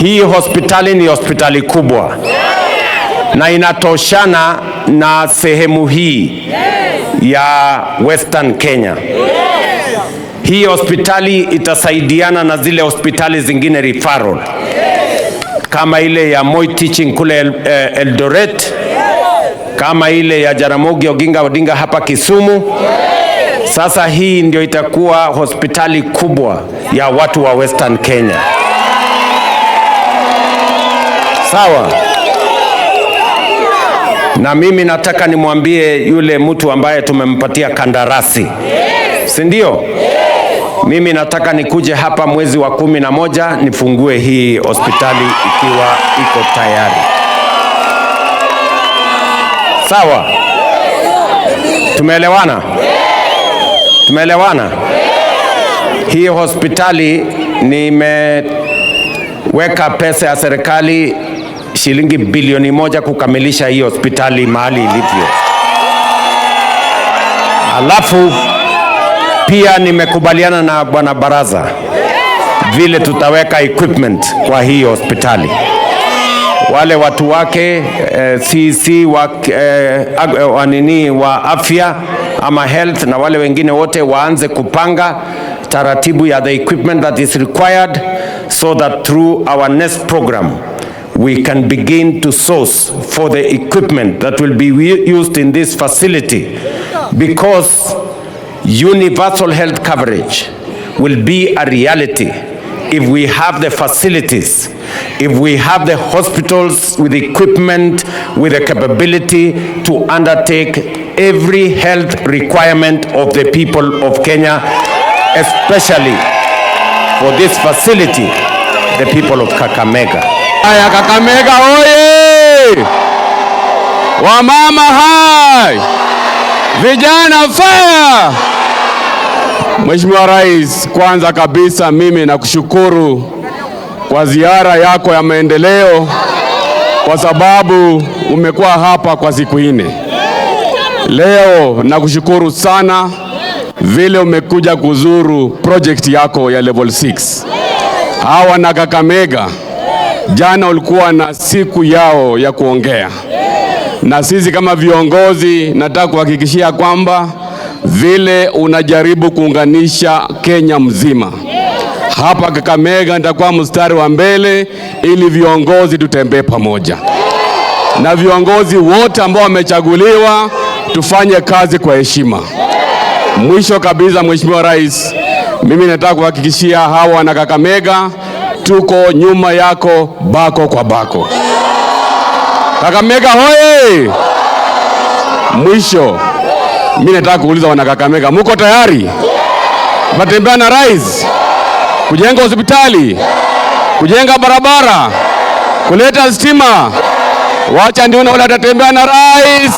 Hii hospitali ni hospitali kubwa na inatoshana na sehemu hii ya Western Kenya. Hii hospitali itasaidiana na zile hospitali zingine referral kama ile ya Moi Teaching kule eh, Eldoret, kama ile ya Jaramogi Oginga Odinga hapa Kisumu. Sasa hii ndio itakuwa hospitali kubwa ya watu wa Western Kenya sawa. Na mimi nataka nimwambie yule mtu ambaye tumempatia kandarasi, si ndio? Mimi nataka nikuje hapa mwezi wa kumi na moja nifungue hii hospitali ikiwa iko tayari, sawa? Tumeelewana? Tumeelewana? Hii hospitali nimeweka pesa ya serikali shilingi bilioni moja kukamilisha hii hospitali mahali ilivyo. Alafu pia nimekubaliana na bwana Baraza vile tutaweka equipment kwa hii hospitali wale watu wake eh, CC wa, eh, eh wanini wa afya ama health na wale wengine wote waanze kupanga taratibu ya the equipment that is required so that through our next program we can begin to source for the equipment that will be used in this facility because universal health coverage will be a reality if we have the facilities, if we have the hospitals with equipment, with the capability to undertake every health requirement of the people of Kenya, especially for this facility, the people of Kakamega. Aya, Kakamega oye! Wamama hai! Vijana faya! Mheshimiwa Rais, kwanza kabisa mimi nakushukuru kwa ziara yako ya maendeleo, kwa sababu umekuwa hapa kwa siku nne. Leo nakushukuru sana vile umekuja kuzuru project yako ya level 6 hawa na Kakamega Jana ulikuwa na siku yao ya kuongea na sisi kama viongozi, nataka kuhakikishia kwamba vile unajaribu kuunganisha Kenya mzima hapa Kakamega nitakuwa mstari wa mbele ili viongozi tutembee pamoja na viongozi wote ambao wamechaguliwa, tufanye kazi kwa heshima. Mwisho kabisa, Mheshimiwa Rais, mimi nataka kuhakikishia hawa na Kakamega tuko nyuma yako bako kwa bako. Kakamega hoye! Mwisho, mi nataka kuuliza wana muko tayari matembea na rais kujenga hospitali, kujenga barabara, kuleta stima? Wacha ndiona wala atatembea na rais.